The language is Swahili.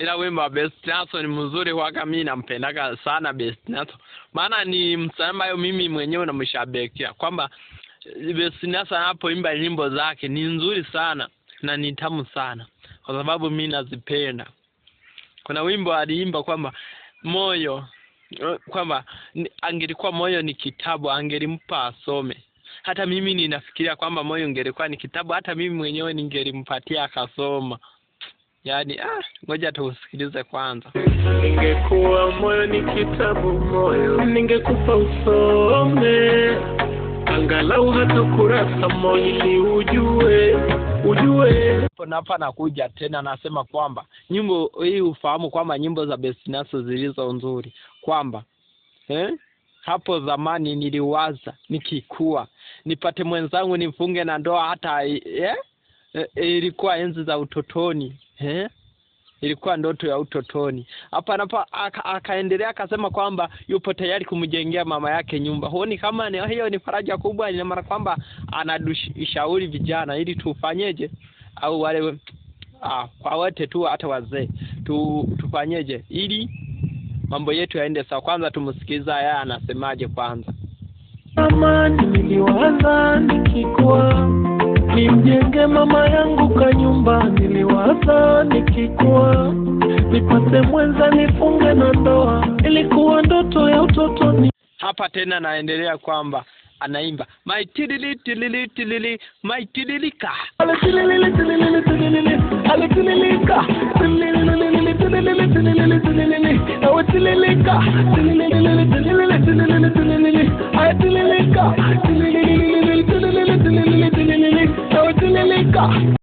ila wimbo wa Best Naso ni mzuri kwaka, mi nampendaka sana Best Naso, maana ni msanii ambayo mimi mwenyewe namshabikia kwamba eh, Best Naso anapoimba nyimbo zake ni nzuri sana na ni tamu sana, kwa sababu mi nazipenda. Kuna wimbo aliimba kwamba moyo eh, kwamba angelikuwa moyo ni kitabu angelimpa asome. Hata mimi ninafikiria kwamba moyo ungelikuwa ni kitabu, hata mimi mwenyewe ningelimpatia akasoma yaani ah, ngoja tuusikilize kwanza. Ningekuwa moyo ni kitabu, moyo ningekupa usome angalau hata kurasa moja ni ujue ujue. Hapa nakuja tena, nasema kwamba nyimbo hii ufahamu kwamba nyimbo za Bestinaso zilizo nzuri kwamba eh? hapo zamani niliwaza nikikua nipate mwenzangu nifunge na ndoa hata eh? Eh, eh, ilikuwa enzi za utotoni eh? ilikuwa ndoto ya utotoni hapa hapa. Akaendelea akasema kwamba yupo tayari kumjengea mama yake nyumba. Huoni kama ni, hiyo ni faraja kubwa? Ina maana kwamba anadushauri vijana ili tufanyeje, au wale ah, kwa wote tu, hata wazee tu, tufanyeje ili mambo yetu yaende sawa. Kwanza tumsikiliza yeye anasemaje kwanza. Nipeleke mama yangu ka nyumba, niliwaza nikikua nipate mwenza nifunge na ndoa, ilikuwa ndoto ya utotoni. Hapa tena naendelea kwamba anaimba my tilili tilili tilili my tililika tililika suck.